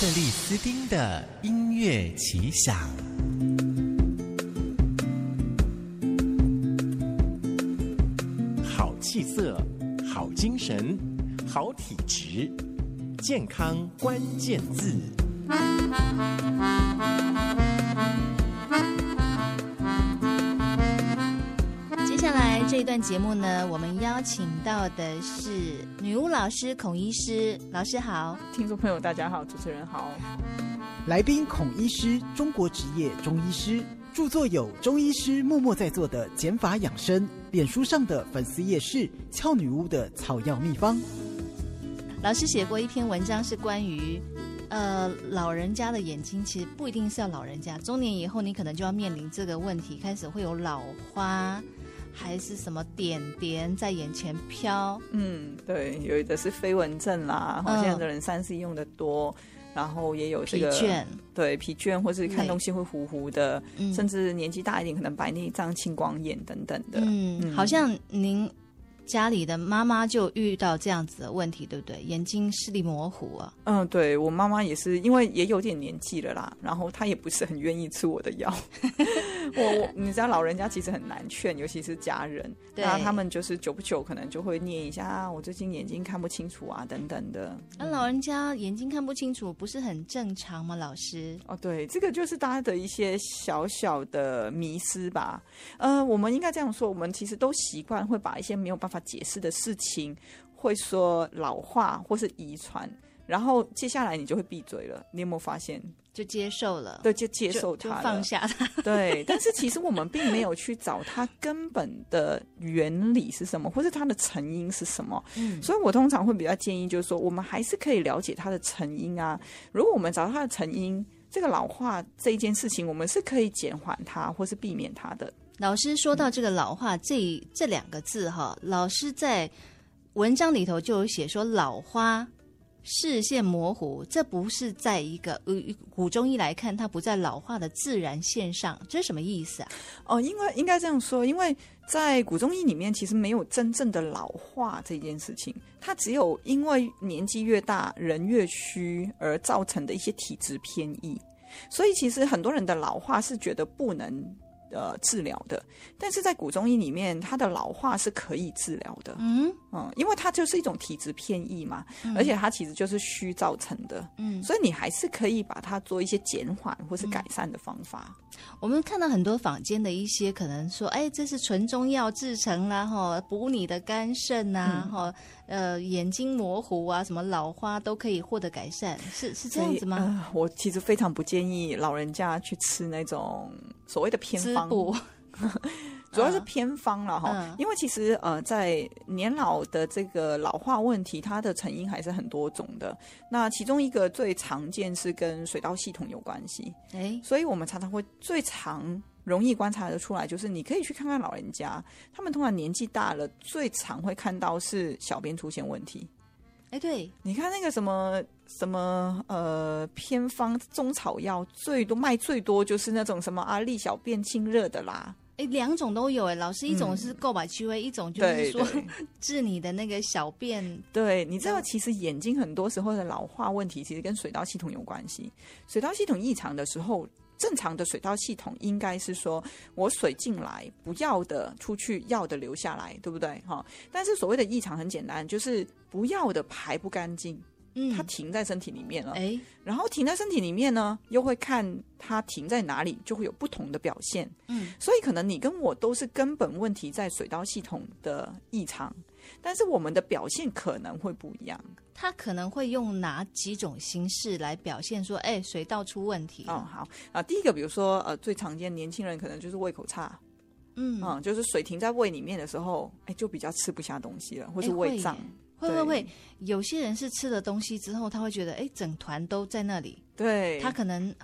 克里斯丁的音樂奇想，好氣色，好精神，好體質，健康關鍵字。這一段節目呢，我們邀請到的是女巫老師孔醫師，老師好，聽眾朋友大家好，主持人好。來賓孔醫師，中國執業中醫師，著作有《中醫師默默在做的減法養生》，臉書上的粉絲頁是俏女巫的草藥秘方。老師寫過一篇文章是關於，呃，老人家的眼睛其實不一定是要老人家，中年以後你可能就要面臨這個問題，開始會有老花。還是什麼點點在眼前飄？嗯，對，有的是飛蚊症啦。然後現在的人三 C 用的多，呃、然後也有這個對疲倦，對疲倦或是看東西會糊糊的，對甚至年紀大一點可能白內障、青光眼等等的。嗯，嗯，好像您家裡的媽媽就遇到這樣子的問題，對不對？眼睛視力模糊啊。嗯，對，我媽媽也是，因為也有點年紀了啦，然後她也不是很願意吃我的藥。我 對我，你知道老人家其實很難勸，尤其是家人，那對他們就是久不久可能就會念一下，我最近眼睛看不清楚啊，等等的。那、嗯啊、老人家眼睛看不清楚不是很正常嗎？老師？哦，對，這個就是大家的一些小小的迷思吧。呃，我們應該這樣說，我們其實都習慣會把一些沒有辦法解釋的事情會說老化或是遺傳，然後接下來你就會閉嘴了。你有沒有發現？就接受了，對，就接受他放下 對，但是其實我們並沒有去找他根本的原理是什麼，或是他的成因是什麼。嗯，所以我通常會比較建議，就是說我們還是可以了解他的成因啊。如果我們找到他的成因，這個老化這一件事情，我們是可以減緩它或是避免它的。老師說到這個老化，這這兩個字哈，老師在文章裡頭就有寫說老花視線模糊，這不是在一個呃古中醫來看，它不在老化的自然線上，這是什麼意思啊？哦、呃，因為應該這樣說，因為在古中醫裡面，其實沒有真正的老化這件事情，它只有因為年紀越大人越虛而造成的一些體質偏移。所以其實很多人的老化是覺得不能呃，治療的，但是在古中醫裡面，它的老化是可以治療的。嗯嗯，因為它就是一種體質偏異嘛，嗯、而且它其實就是虛造成的。嗯，所以你還是可以把它做一些減緩或是改善的方法。嗯、我們看到很多坊間的一些可能說，哎、欸，這是純中藥製成啦，吼，補你的肝腎吶、啊，嗯、吼。呃，眼睛模糊啊，什麼老花都可以獲得改善，是是這樣子嗎？呃，我其實非常不建議老人家去吃那種所謂的偏方補， 主要是偏方了哈。啊、因為其實呃，在年老的這個老化問題，它的成因還是很多種的。那其中一個最常見是跟水道系統有關係，欸、所以我們常常會最常。容易觀察得出來，就是你可以去看看老人家，他們通常年紀大了，最常會看到是小便出現問題。哎、欸，對，你看那個什麼什麼呃，偏方、中草藥最多賣最多就是那種什麼阿利小便清熱的啦。哎、欸，兩種都有哎、欸，老師，一種是購買氣味，嗯、一種就是說對對對治你的那個小便。對，你知道其實眼睛很多時候的老化問題，其實跟水道系統有關係。水道系統異常的時候。正常的水道系統應該是說，我水進來，不要的出去，要的留下來，對不對？哈，但是所謂的異常很簡單，就是不要的排不乾淨，嗯，它停在身體裡面了，誒然後停在身體裡面呢，又會看它停在哪裡，就會有不同的表現，嗯，所以可能你跟我都是根本問題在水道系統的異常。但是我們的表現可能會不一樣，他可能會用哪幾種形式來表現？說，哎、欸，水道出問題。哦，好啊，第一個，比如說，呃，最常見的年輕人可能就是胃口差，嗯，啊、嗯，就是水停在胃裡面的時候，哎、欸，就比較吃不下東西了，或是胃脹，會會會，有些人是吃了東西之後，他會覺得，哎、欸，整團都在那裡，對，他可能。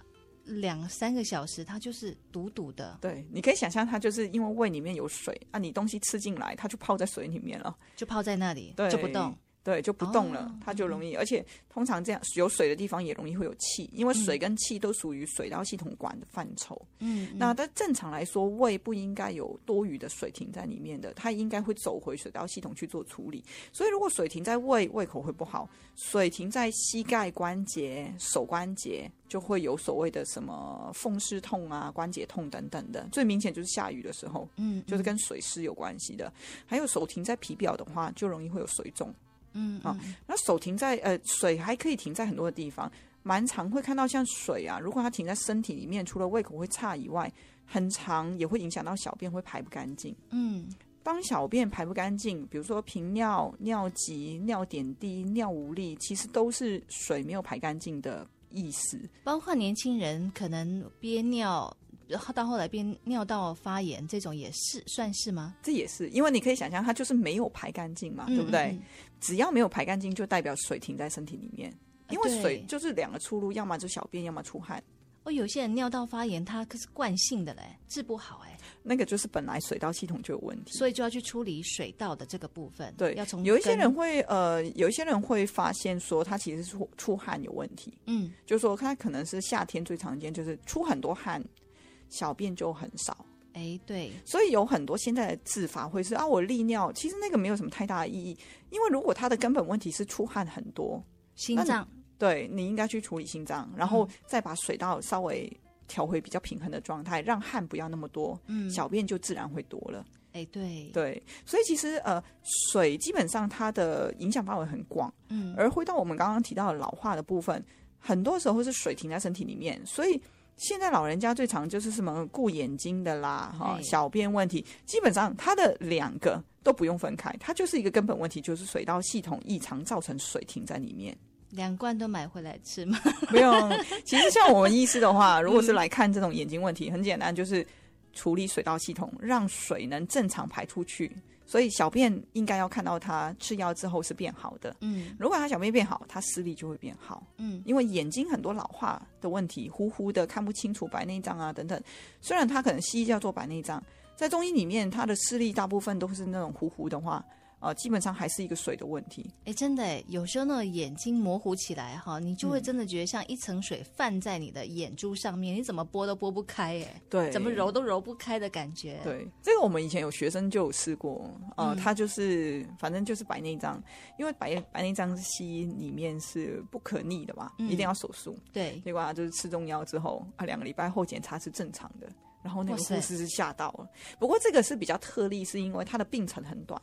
兩三個小時，它就是堵堵的。對，你可以想象，它就是因為胃裡面有水啊，你東西吃進來，它就泡在水裡面了，就泡在那裡，對就不動。對，就不動了，哦、它就容易，嗯、而且通常這樣有水的地方也容易會有氣，因為水跟氣都屬於水道系統管的範疇。嗯，那但正常來說，胃不應該有多餘的水停在裡面的，它應該會走回水道系統去做處理。所以如果水停在胃，胃口會不好；水停在膝蓋關節、手關節，就會有所謂的什麼風濕痛啊、關節痛等等的。最明顯就是下雨的時候，嗯，就是跟水濕有關係的。還有手停在皮表的話，就容易會有水腫。嗯，好，那手停在呃，水還可以停在很多的地方，蠻常會看到像水啊。如果它停在身體裡面，除了胃口會差以外，很常也會影響到小便會排不乾淨。嗯，當小便排不乾淨，比如說頻尿、尿急、尿點滴、尿無力，其實都是水沒有排乾淨的意思。包括年輕人可能憋尿。然後到後來變尿道發炎，這種也是算是嗎？這也是，因為你可以想象，它就是沒有排乾淨嘛，嗯、對不對？嗯嗯、只要沒有排乾淨，就代表水停在身體裡面。因為水就是兩個出路，呃、要麼就小便，要麼出汗。哦，有些人尿道發炎，它可是慣性的嘞，治不好哎。那個就是本來水道系統就有問題，所以就要去處理水道的這個部分。對，要從有一些人會呃，有一些人會發現說，他其實是出汗有問題。嗯，就是說他可能是夏天最常見，就是出很多汗。小便就很少，哎、欸，對，所以有很多現在的治法會是啊，我利尿，其實那個沒有什麼太大的意義，因為如果它的根本問題是出汗很多，心臟，對，你應該去處理心臟，然後再把水道稍微調回比較平衡的狀態，嗯、讓汗不要那麼多，嗯，小便就自然會多了，哎、欸，對，對，所以其實呃，水基本上它的影響範圍很廣，嗯，而回到我們剛剛提到的老化的部分，很多時候是水停在身體裡面，所以。現在老人家最常就是什麼顧眼睛的啦，哈對、哦，小便問題，基本上它的兩個都不用分開，它就是一個根本問題，就是水道系統異常造成水停在裡面。兩罐都買回來吃嗎？不 用。其實像我們醫師的話，如果是來看這種眼睛問題，嗯、很簡單，就是處理水道系統，讓水能正常排出去。所以小便應該要看到他吃藥之後是變好的，嗯，如果他小便變好，他視力就會變好，嗯，因為眼睛很多老化的問題，糊糊的看不清楚，白內障啊等等，雖然他可能西醫叫做白內障，在中醫裡面，他的視力大部分都是那種糊糊的話。啊，基本上還是一個水的問題。哎，真的，哎，有時候呢，眼睛模糊起來哈，你就會真的覺得像一層水泛在你的眼珠上面，嗯、你怎麼撥都撥不開，哎，對，怎麼揉都揉不開的感覺。對，這個我們以前有學生就有試過啊，呃嗯、他就是反正就是白內障，因為白白內障是西醫裡面是不可逆的嘛，嗯、一定要手術。對，結果就是吃中藥之後啊，兩個禮拜後檢查是正常的，然後那個護士是嚇到了。哇塞。不過這個是比較特例，是因為他的病程很短。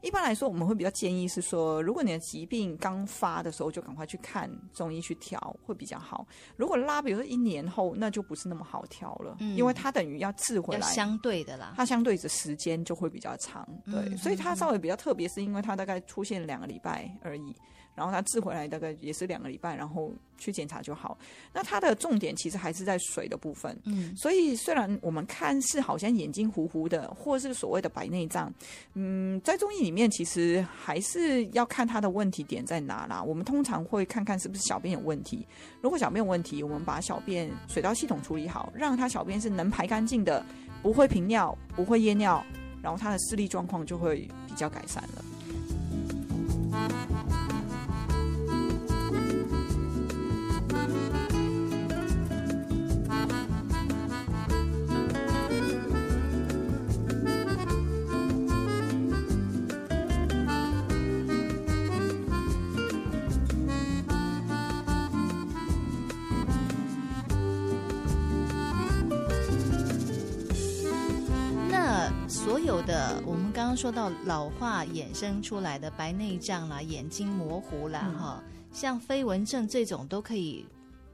一般來說，我們會比較建議是說，如果你的疾病剛發的時候就趕快去看中醫去調，會比較好。如果拉，比如說一年後，那就不是那麼好調了，嗯、因為它等於要治回來，相對的啦，它相對的時間就會比較長。對，嗯、所以它稍微比較特別，是因為它大概出現兩個禮拜而已。然後他治回來大概也是兩個禮拜，然後去檢查就好。那它的重點其實還是在水的部分。嗯，所以雖然我們看似好像眼睛糊糊的，或是所謂的白內障，嗯，在中醫裡面其實還是要看他的問題點在哪啦。我們通常會看看是不是小便有問題。如果小便有問題，我們把小便水道系統處理好，讓他小便是能排乾淨的，不會頻尿，不會夜尿，然後他的視力狀況就會比較改善了。嗯剛剛說到老化衍生出來的白內障啦，眼睛模糊啦，哈、嗯，像飛蚊症這種都可以。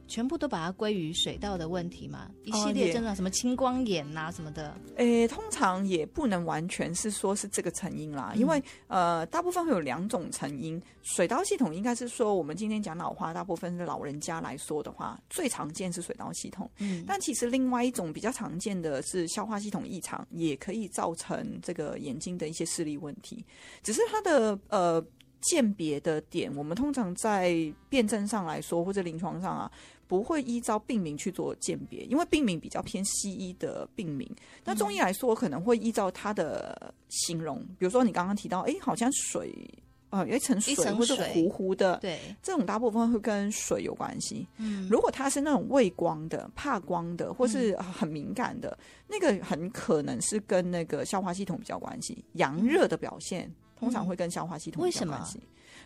全部都把它歸於水道的問題嘛？一系列症狀，uh, yeah 什麼青光眼吶、啊，什麼的。誒、欸，通常也不能完全是說是這個成因啦，嗯、因為呃，大部分會有兩種成因。水道系統應該是說，我們今天講老花，大部分是老人家來說的話，最常見是水道系統。嗯。但其實另外一種比較常見的是消化系統異常，也可以造成這個眼睛的一些視力問題。只是它的呃鑑別的點，我們通常在辨證上來說，或者臨床上啊。不會依照病名去做鑑別，因為病名比較偏西醫的病名。那中醫來說，我可能會依照它的形容，嗯、比如說你剛剛提到，哎，好像水，呃，有一層水，一層水或是糊糊的，對，這種大部分會跟水有關係。嗯，如果它是那種畏光的、怕光的，或是很敏感的，嗯、那個很可能是跟那個消化系統比較關係。陽熱的表現、嗯、通常會跟消化系統比較關係？為什麼？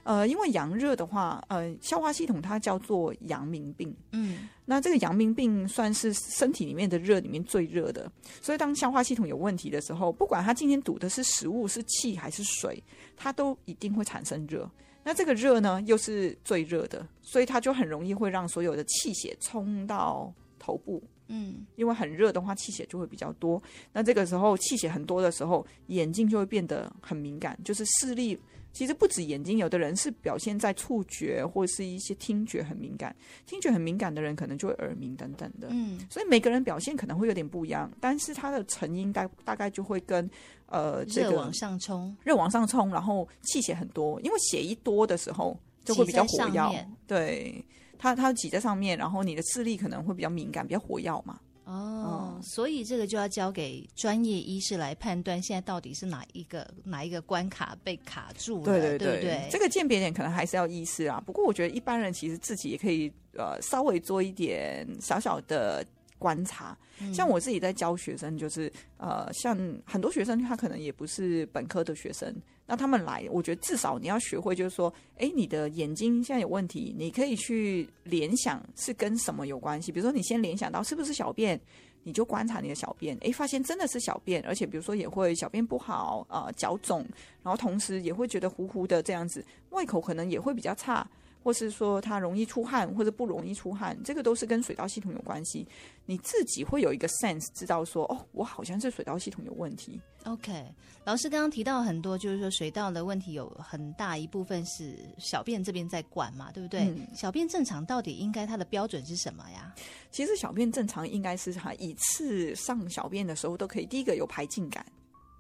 呃，因為陽熱的話，呃，消化系統它叫做陽明病。嗯，那這個陽明病算是身體裡面的熱裡面最熱的。所以當消化系統有問題的時候，不管它今天堵的是食物、是氣還是水，它都一定會產生熱。那這個熱呢，又是最熱的，所以它就很容易會讓所有的氣血衝到頭部。嗯，因為很熱的話，氣血就會比較多。那這個時候氣血很多的時候，眼睛就會變得很敏感，就是視力。其實不止眼睛，有的人是表現在觸覺或是一些聽覺很敏感。聽覺很敏感的人，可能就會耳鳴等等的。嗯，所以每個人表現可能會有點不一樣，但是它的成因大，大概就會跟呃這個熱往上衝，熱往上衝，然後氣血很多，因為血一多的時候就會比較火藥，對。他他擠在上面，然後你的視力可能會比較敏感，比較火藥嘛。哦，嗯。所以這個就要交給專業醫師來判斷，現在到底是哪一個哪一個關卡被卡住了，對對對，對不對？這個鑑別點可能還是要醫師啊。不過我覺得一般人其實自己也可以呃稍微做一點小小的。觀察，像我自己在教學生，就是、嗯、呃，像很多學生他可能也不是本科的學生，那他們來，我覺得至少你要學會，就是說，誒，你的眼睛現在有問題，你可以去聯想是跟什麼有關係。比如說，你先聯想到是不是小便，你就觀察你的小便，哎，發現真的是小便，而且比如說也會小便不好，啊、呃，腳腫，然後同時也會覺得糊糊的這樣子，胃口可能也會比較差。或是說它，容易出汗，或者不容易出汗，這個都是跟水道系統有關係。你自己會有一個 sense 知道說，哦，我好像是水道系統有問題。OK，老師剛剛提到很多，就是說水道的問題有很大一部分是小便這邊在管嘛，對不對？嗯，小便正常到底應該它的標準是什麼呀？其實小便正常應該是哈，一次上小便的時候都可以，第一個有排盡感。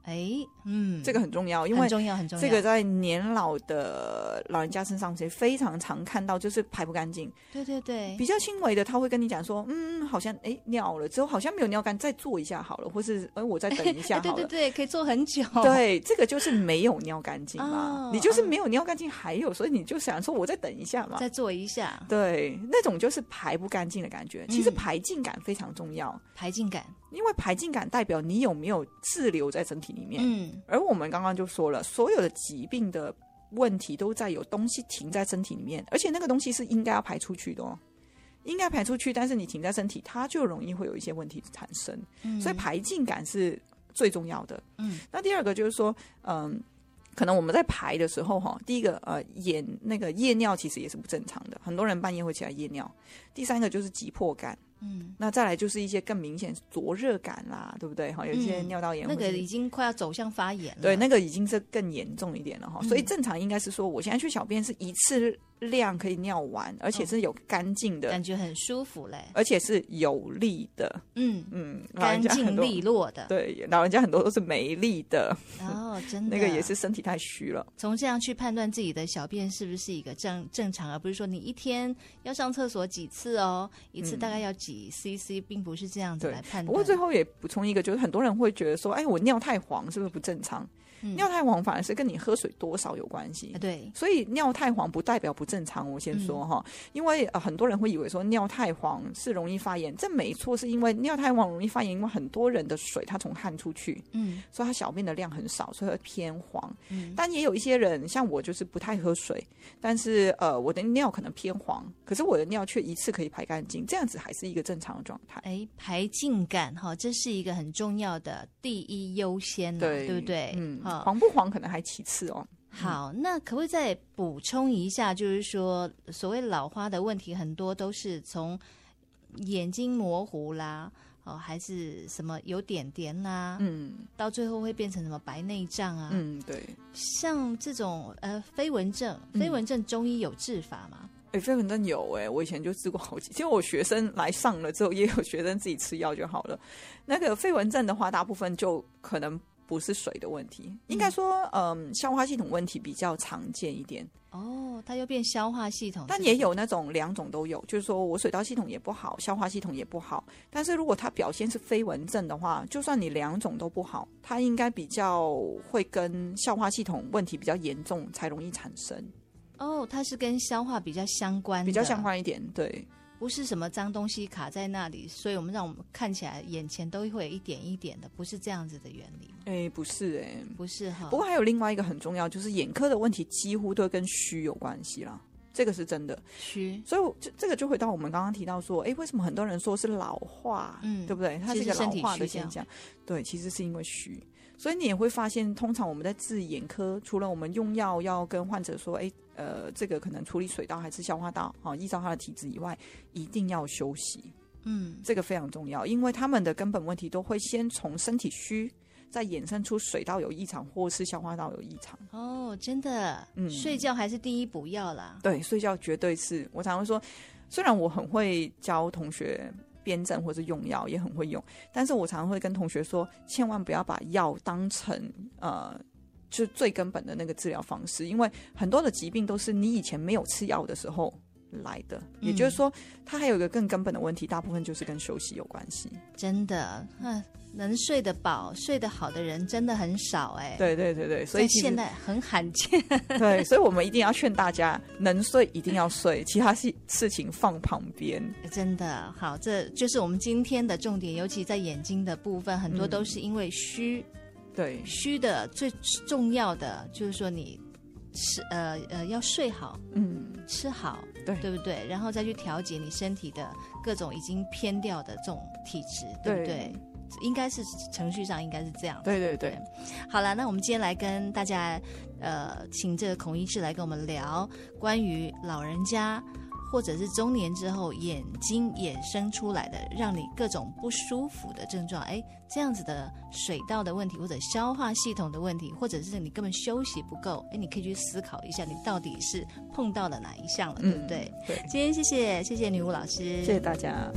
哎、欸，嗯，這個很重要，因為很重要，很重要。這個在年老的老人家身上誰非常常看到，就是排不乾淨。對對對，比較輕微的他會跟你講說，嗯，好像哎、欸，尿了之後好像沒有尿乾再做一下好了，或是哎、欸，我再等一下好了，欸。對對對，可以做很久。對，這個就是沒有尿乾淨嘛，哦，你就是沒有尿乾淨，還有，所以你就想說我再等一下嘛，再做一下。對，那種就是排不乾淨的感覺。其實排淨感非常重要，嗯，排淨感，因為排淨感代表你有沒有滯留在身體裡面，嗯，而我們剛剛就說了，所有的疾病的問題都在有東西停在身體裡面，而且那個東西是應該要排出去的，哦，應該排出去，但是你停在身體，它就容易會有一些問題產生，嗯、所以排盡感是最重要的，嗯，那第二個就是說，嗯、呃，可能我們在排的時候，哈，第一個呃，眼那個夜尿其實也是不正常的，很多人半夜會起來夜尿，第三個就是急迫感。嗯，那再來就是一些更明顯灼熱感啦，對不對？哈、嗯，有一些尿道炎，那個已經快要走向發炎了。對，那個已經是更嚴重一點了哈。嗯、所以正常應該是說，我現在去小便是一次，量可以尿完，而且是有乾淨的感覺，很舒服嘞。而且是有力的，嗯嗯，嗯乾淨利落的。對，老人家很多都是沒力的哦，真的 那個也是身體太虛了。從這樣去判斷自己的小便是不是一個正正常，而不是說你一天要上廁所幾次哦，一次大概要幾 CC，嗯、並不是這樣子來判斷。不過最後也補充一個，就是很多人會覺得說，哎，我尿太黃是不是不正常？嗯、尿太黃反而是跟你喝水多少有關係。對，所以尿太黃不代表不正常。正常、哦，我先說哈、哦，嗯、因為、呃、很多人會以為說尿太黃是容易發炎，這沒錯，是因為尿太黃容易發炎，因為很多人的水它從汗出去，嗯，所以它小便的量很少，所以它偏黃。嗯、但也有一些人像我，就是不太喝水，但是呃，我的尿可能偏黃，可是我的尿卻一次可以排乾淨，這樣子還是一個正常的狀態。誒、哎，排淨感哈、哦，這是一個很重要的第一優先、啊，對，對不對？嗯，哦、黃不黃可能還其次哦。好，那可不可以再補充一下？就是說，所謂老花的問題，很多都是從眼睛模糊啦，哦，還是什麼有點點啦、啊，嗯，到最後會變成什麼白內障啊？嗯，對。像這種呃飛蚊症，飛蚊症中醫有治法嗎？哎、欸，飛蚊症有哎、欸，我以前就治過好幾次，其實我學生來上了之後，也有學生自己吃藥就好了。那個飛蚊症的話，大部分就可能。不是水的問題，嗯、應該說，嗯、呃，消化系統問題比較常見一點。哦，它又變消化系統是不是？但也有那種兩種都有，就是說我水道系統也不好，消化系統也不好。但是如果它表現是飛蚊症的話，就算你兩種都不好，它應該比較會跟消化系統問題比較嚴重才容易產生。哦，它是跟消化比較相關的，比較相關一點，對。不是什麼髒東西卡在那裡，所以我們讓我們看起來眼前都會有一點一點的，不是這樣子的原理。哎、欸，不是，哎、欸，不是哈。不過還有另外一個很重要，就是眼科的問題幾乎都跟虛有關係啦。這個是真的虛。虛。所以，這這個就回到我們剛剛提到說，哎、欸，為什麼很多人說是老化，嗯，對不對？它是個老化的現象，對，其實是因為虛。所以你也會發現，通常我們在治眼科，除了我們用藥要跟患者說，誒，呃，這個可能處理水道還是消化道，好，依照他的體質以外，一定要休息，嗯，這個非常重要，因為他們的根本問題都會先從身體虛，再衍生出水道有異常或是消化道有異常。哦，真的，嗯，睡覺還是第一補藥啦，對，睡覺絕對是。我常常說，雖然我很會教同學。辨證或是用藥也很會用，但是我常常會跟同學說，千萬不要把藥當成呃，就最根本的那個治療方式，因為很多的疾病都是你以前沒有吃藥的時候。來的，也就是說，嗯、它還有一個更根本的問題，大部分就是跟休息有關係。真的，嗯，能睡得飽、睡得好的人真的很少哎、欸。對對對對，所以現在很罕見。 對，所以我們一定要勸大家，能睡一定要睡，其他事事情放旁邊。欸、真的好，這就是我們今天的重點，尤其在眼睛的部分，很多都是因為虛、嗯。對虛的最重要的就是說你。吃呃呃要睡好，嗯，吃好，對對不對？然後再去調節你身體的各種已經偏掉的這種體質，對,對不對？應該是程序上應該是這樣。對對對。對好了，那我們今天來跟大家，呃，請這個孔醫師來跟我們聊關於老人家。或者是中年之後眼睛衍生出來的，讓你各種不舒服的症狀，哎，這樣子的水道的問題，或者消化系統的問題，或者是你根本休息不夠，哎，你可以去思考一下，你到底是碰到了哪一項了，嗯、對不對？對。今天謝謝謝謝女巫老師，謝謝大家。